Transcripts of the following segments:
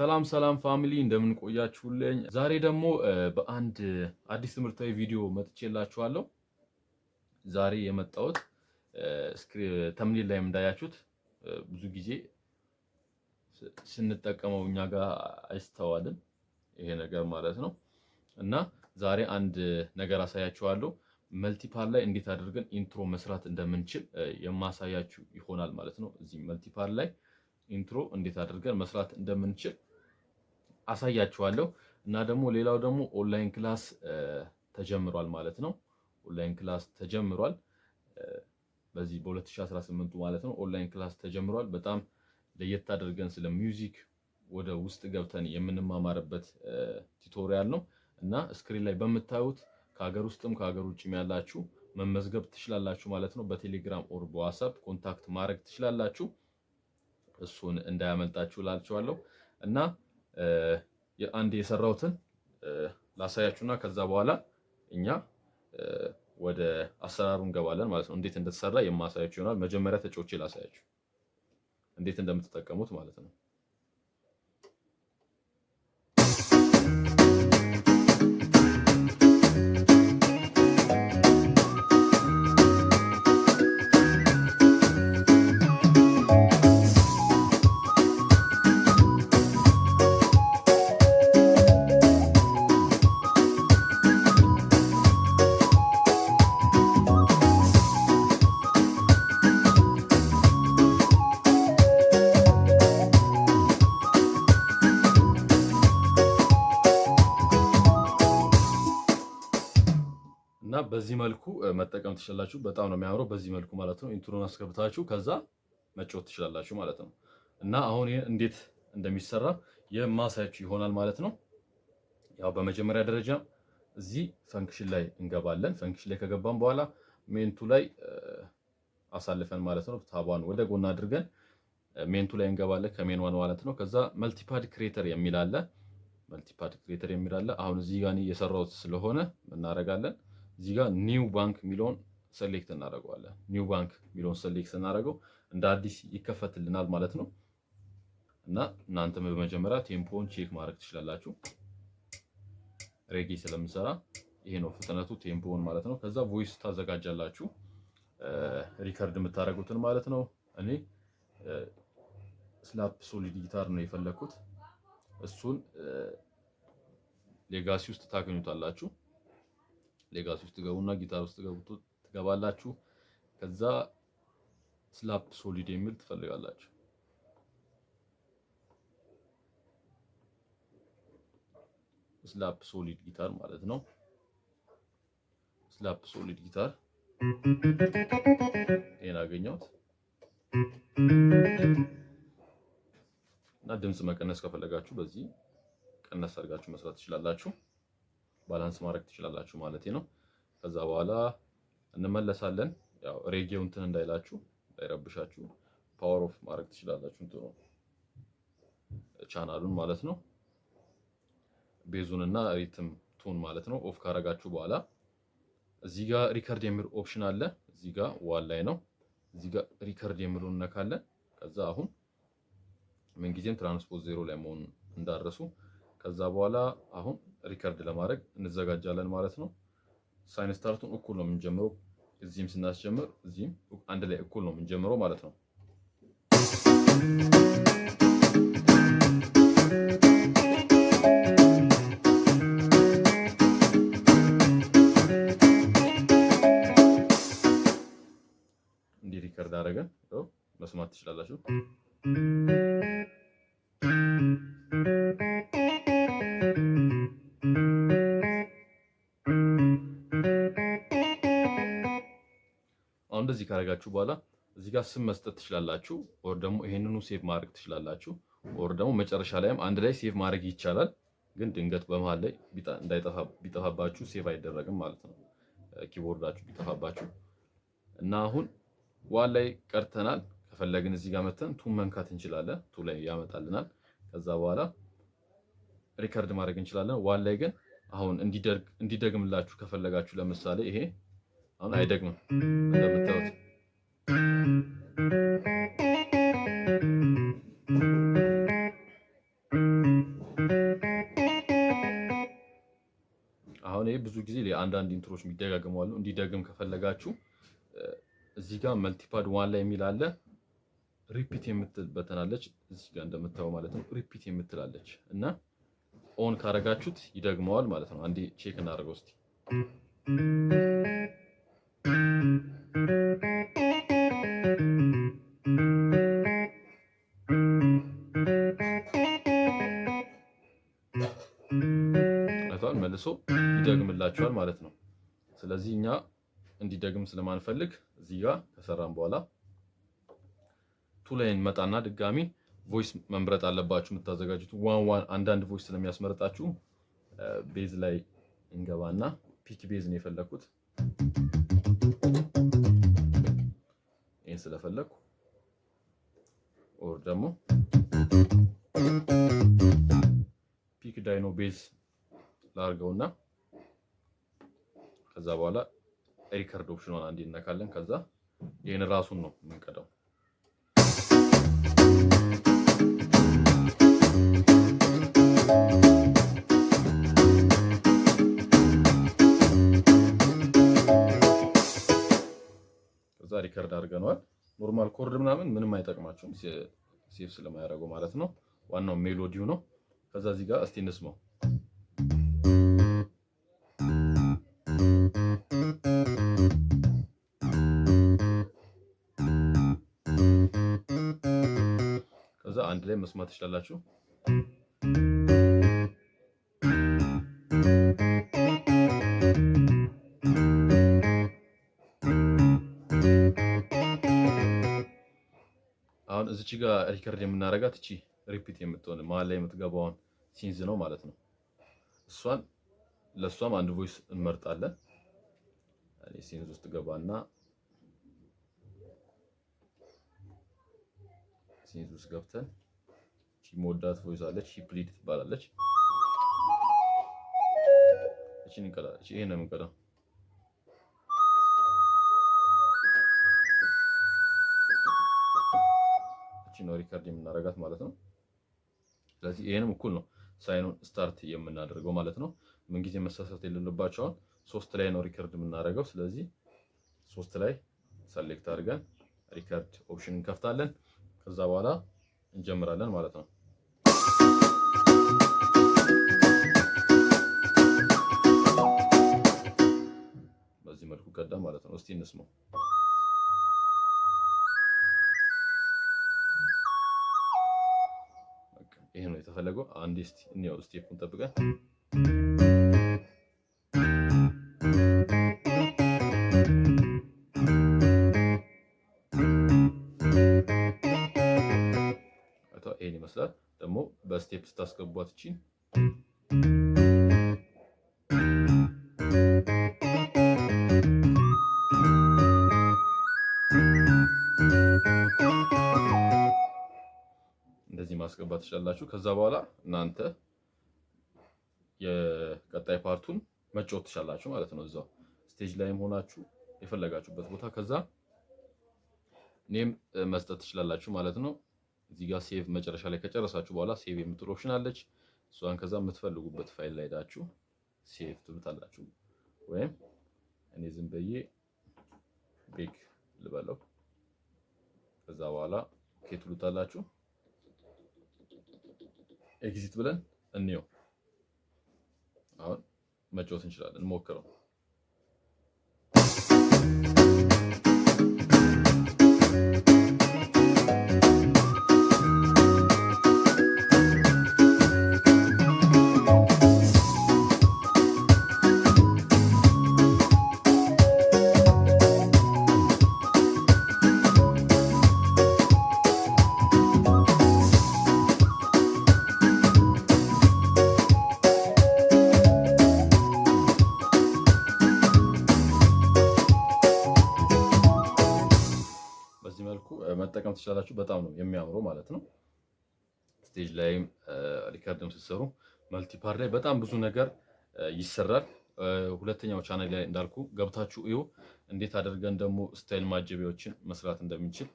ሰላም ሰላም ፋሚሊ እንደምን ቆያችሁልኝ? ዛሬ ደግሞ በአንድ አዲስ ትምህርታዊ ቪዲዮ መጥቼላችኋለሁ። ዛሬ የመጣሁት ተምኔል ላይም እንዳያችሁት ብዙ ጊዜ ስንጠቀመው እኛ ጋር አይስተዋልም ይሄ ነገር ማለት ነው። እና ዛሬ አንድ ነገር አሳያችኋለሁ መልቲፓል ላይ እንዴት አድርገን ኢንትሮ መስራት እንደምንችል የማሳያችሁ ይሆናል ማለት ነው። እዚህ መልቲፓል ላይ ኢንትሮ እንዴት አድርገን መስራት እንደምንችል አሳያችኋለሁ። እና ደግሞ ሌላው ደግሞ ኦንላይን ክላስ ተጀምሯል ማለት ነው። ኦንላይን ክላስ ተጀምሯል በዚህ በ2018 ማለት ነው። ኦንላይን ክላስ ተጀምሯል። በጣም ለየት አድርገን ስለ ሚውዚክ ወደ ውስጥ ገብተን የምንማማርበት ቱቶሪያል ነው እና ስክሪን ላይ በምታዩት ከሀገር ውስጥም ከሀገር ውጭም ያላችሁ መመዝገብ ትችላላችሁ ማለት ነው። በቴሌግራም ኦር በዋትሳፕ ኮንታክት ማድረግ ትችላላችሁ። እሱን እንዳያመልጣችሁ እላችኋለሁ እና አንድ የሰራሁትን ላሳያችሁና ከዛ በኋላ እኛ ወደ አሰራሩ እንገባለን ማለት ነው። እንዴት እንደተሰራ የማሳያችሁ ይሆናል። መጀመሪያ ተጫዎቼ ላሳያችሁ እንዴት እንደምትጠቀሙት ማለት ነው። በዚህ መልኩ መጠቀም ትችላላችሁ። በጣም ነው የሚያምረው። በዚህ መልኩ ማለት ነው ኢንትሮን አስገብታችሁ ከዛ መጫወት ትችላላችሁ ማለት ነው። እና አሁን ይሄን እንዴት እንደሚሰራ የማሳያችሁ ይሆናል ማለት ነው። ያው በመጀመሪያ ደረጃ እዚህ ፈንክሽን ላይ እንገባለን። ፈንክሽን ላይ ከገባን በኋላ ሜንቱ ላይ አሳልፈን ማለት ነው ታቧን ወደ ጎን አድርገን ሜንቱ ላይ እንገባለን ከሜን ዋን ማለት ነው። ከዛ መልቲፓድ ክሬተር የሚል አለ። መልቲፓድ ክሬተር የሚል አለ። አሁን እዚህ ጋር እየሰራሁት ስለሆነ እናደርጋለን እዚህ ጋር ኒው ባንክ የሚለውን ሰሌክት እናደርገዋለን። ኒው ባንክ የሚለውን ሰሌክት እናደርገው እንደ አዲስ ይከፈትልናል ማለት ነው። እና እናንተም በመጀመሪያ ቴምፖን ቼክ ማድረግ ትችላላችሁ። ሬጌ ስለምሰራ ይሄ ነው ፍጥነቱ ቴምፖውን ማለት ነው። ከዛ ቮይስ ታዘጋጃላችሁ ሪከርድ የምታደርጉትን ማለት ነው። እኔ ስላፕ ሶሊድ ጊታር ነው የፈለኩት። እሱን ሌጋሲ ውስጥ ታገኙታላችሁ። ሌጋሲ ውስጥ ገቡና ጊታር ውስጥ ገቡት ትገባላችሁ። ከዛ ስላፕ ሶሊድ የሚል ትፈልጋላችሁ። ስላፕ ሶሊድ ጊታር ማለት ነው። ስላፕ ሶሊድ ጊታር ይሄን አገኘሁት እና ድምፅ መቀነስ ከፈለጋችሁ በዚህ ቀነስ አድርጋችሁ መስራት ትችላላችሁ። ባላንስ ማድረግ ትችላላችሁ ማለት ነው። ከዛ በኋላ እንመለሳለን። ያው ሬጌው እንትን እንዳይላችሁ እንዳይረብሻችሁ ፓወር ኦፍ ማድረግ ትችላላችሁ እንትኑ ቻናሉን ማለት ነው። ቤዙን እና ሪትም ቱን ማለት ነው ኦፍ ካረጋችሁ በኋላ እዚህ ጋር ሪከርድ የሚል ኦፕሽን አለ። እዚህ ጋር ዋል ላይ ነው። እዚህ ጋር ሪከርድ የሚሉን እነካለን። ከዛ አሁን ምንጊዜም ትራንስፖዝ ዜሮ ላይ መሆን እንዳረሱ። ከዛ በኋላ አሁን ሪከርድ ለማድረግ እንዘጋጃለን ማለት ነው። ሳይን ስታርቱን እኩል ነው የምንጀምረው። እዚህም ስናስጀምር እዚህም አንድ ላይ እኩል ነው የምንጀምረው ማለት ነው። እንዲህ ሪከርድ አደረገን መስማት ትችላላችሁ። እንደዚህ ካረጋችሁ በኋላ እዚህ ጋር ስም መስጠት ትችላላችሁ። ኦር ደግሞ ይሄንኑ ሴቭ ማድረግ ትችላላችሁ። ኦር ደግሞ መጨረሻ ላይም አንድ ላይ ሴቭ ማድረግ ይቻላል። ግን ድንገት በመሃል ላይ ቢጠፋባችሁ ሴቭ አይደረግም ማለት ነው። ኪቦርዳችሁ ቢጠፋባችሁ እና አሁን ዋን ላይ ቀርተናል። ከፈለግን እዚህ ጋር መተን ቱ መንካት እንችላለን። ቱ ላይ ያመጣልናል። ከዛ በኋላ ሪከርድ ማድረግ እንችላለን። ዋን ላይ ግን አሁን እንዲደግምላችሁ ከፈለጋችሁ ለምሳሌ ይሄ አሁን አይደግምም እንደምታዩት ይሄ ብዙ ጊዜ አንዳንድ ኢንትሮች የሚደጋግሙ አሉ። እንዲደግም ከፈለጋችሁ እዚህ ጋር መልቲፓድ ዋን ላይ የሚል አለ። ሪፒት የምትል በተናለች እዚህ ጋር እንደምታየው ማለት ነው። ሪፒት የምትላለች እና ኦን ካረጋችሁት ይደግመዋል ማለት ነው። አንዴ ቼክ እናደርገው እንዲደግም ስለማንፈልግ እዚህ ጋር ከሰራን በኋላ ቱ ላይ እንመጣና ድጋሚ ቮይስ መምረጥ አለባችሁ። የምታዘጋጁት ዋን ዋን አንዳንድ ቮይስ ስለሚያስመርጣችሁ ቤዝ ላይ እንገባና ፒክ ቤዝ ነው የፈለኩት። ይህን ስለፈለግኩ ኦር ደግሞ ፒክ ዳይኖ ቤዝ ላርገውና ከዛ በኋላ ሪከርድ ኦፕሽኗን አንዴ እነካለን። ከዛ ይህን ራሱን ነው የምንቀዳው። ከዛ ሪከርድ አድርገነዋል። ኖርማል ኮርድ ምናምን ምንም አይጠቅማችሁም ሴፍ ስለማያደርገው ማለት ነው። ዋናው ሜሎዲው ነው። ከዛ እዚህ ጋር እስቲ እንስማው። አንድ ላይ መስማት ትችላላችሁ። አሁን እዚች ጋር ሪከርድ የምናደርጋት እቺ ሪፒት የምትሆን መሀል ላይ የምትገባውን ሲንዝ ነው ማለት ነው። እሷን ለእሷም አንድ ቮይስ እንመርጣለን። ሲንዝ ውስጥ ገባና ሴቲንግስ ውስጥ ገብተን ሞዳት ቮይስ አለች ሺፕሊድ ትባላለች። እቺን እንቀዳለን። ይሄ ነው የምንቀዳው። እቺ ነው ሪከርድ የምናደርጋት ማለት ነው። ስለዚህ ይሄንም እኩል ነው ሳይኑን ስታርት የምናደርገው ማለት ነው። ምንጊዜ መሳሳት የሌለባቸውን ሶስት ላይ ነው ሪከርድ የምናደርገው። ስለዚህ ሶስት ላይ ሰሌክት አድርገን ሪከርድ ኦፕሽን እንከፍታለን። ከዛ በኋላ እንጀምራለን ማለት ነው። በዚህ መልኩ ቀዳ ማለት ነው። እስቲ እንስማው። ይሄ ነው የተፈለገው። አንዴ እስቲ እንየው፣ ጠብቀን ስቴፕ ስታስገቧት እቺ እንደዚህ ማስገባት ትችላላችሁ። ከዛ በኋላ እናንተ የቀጣይ ፓርቱን መጫወት ትችላላችሁ ማለት ነው። እዛው ስቴጅ ላይም ሆናችሁ የፈለጋችሁበት ቦታ ከዛ እኔም መስጠት ትችላላችሁ ማለት ነው። እዚህ ጋር ሴቭ መጨረሻ ላይ ከጨረሳችሁ በኋላ ሴቭ የምትል ኦፕሽን አለች። እሷን ከዛ የምትፈልጉበት ፋይል ላይ ሄዳችሁ ሴቭ ትሉታላችሁ። ወይም እኔ ዝም ብዬ ቤክ ልበለው። ከዛ በኋላ ኦኬ ትሉታላችሁ። ኤግዚት ብለን እንየው። አሁን መጫወት እንችላለን። ሞክረው። Thank you. በዚህ መልኩ መጠቀም ትችላላችሁ። በጣም ነው የሚያምረው ማለት ነው። ስቴጅ ላይም ሪከርድም ስትሰሩ መልቲፓር ላይ በጣም ብዙ ነገር ይሰራል። ሁለተኛው ቻናል ላይ እንዳልኩ ገብታችሁ እዩ እንዴት አድርገን ደግሞ ስታይል ማጀቢያዎችን መስራት እንደምንችል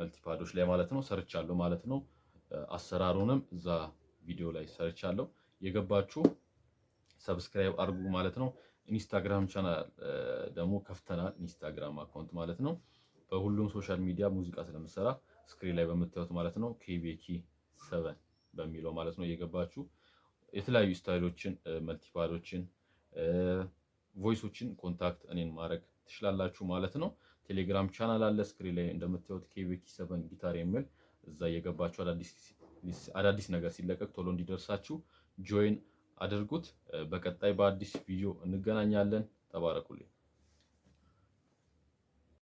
መልቲፓዶች ላይ ማለት ነው ሰርቻለሁ ማለት ነው። አሰራሩንም እዛ ቪዲዮ ላይ ሰርቻለሁ። የገባችሁ ሰብስክራይብ አድርጉ ማለት ነው። ኢንስታግራም ቻናል ደግሞ ከፍተናል። ኢንስታግራም አካውንት ማለት ነው። በሁሉም ሶሻል ሚዲያ ሙዚቃ ስለምሰራ ስክሪን ላይ በምታዩት ማለት ነው ኬቤኪ ሰቨን በሚለው ማለት ነው እየገባችሁ የተለያዩ ስታይሎችን፣ መልቲፓዶችን፣ ቮይሶችን ኮንታክት እኔን ማድረግ ትችላላችሁ ማለት ነው። ቴሌግራም ቻናል አለ ስክሪን ላይ እንደምታዩት ኬቤኪ ሰቨን ጊታር የሚል እዛ እየገባችሁ አዳዲስ ነገር ሲለቀቅ ቶሎ እንዲደርሳችሁ ጆይን አድርጉት። በቀጣይ በአዲስ ቪዲዮ እንገናኛለን። ተባረኩልኝ።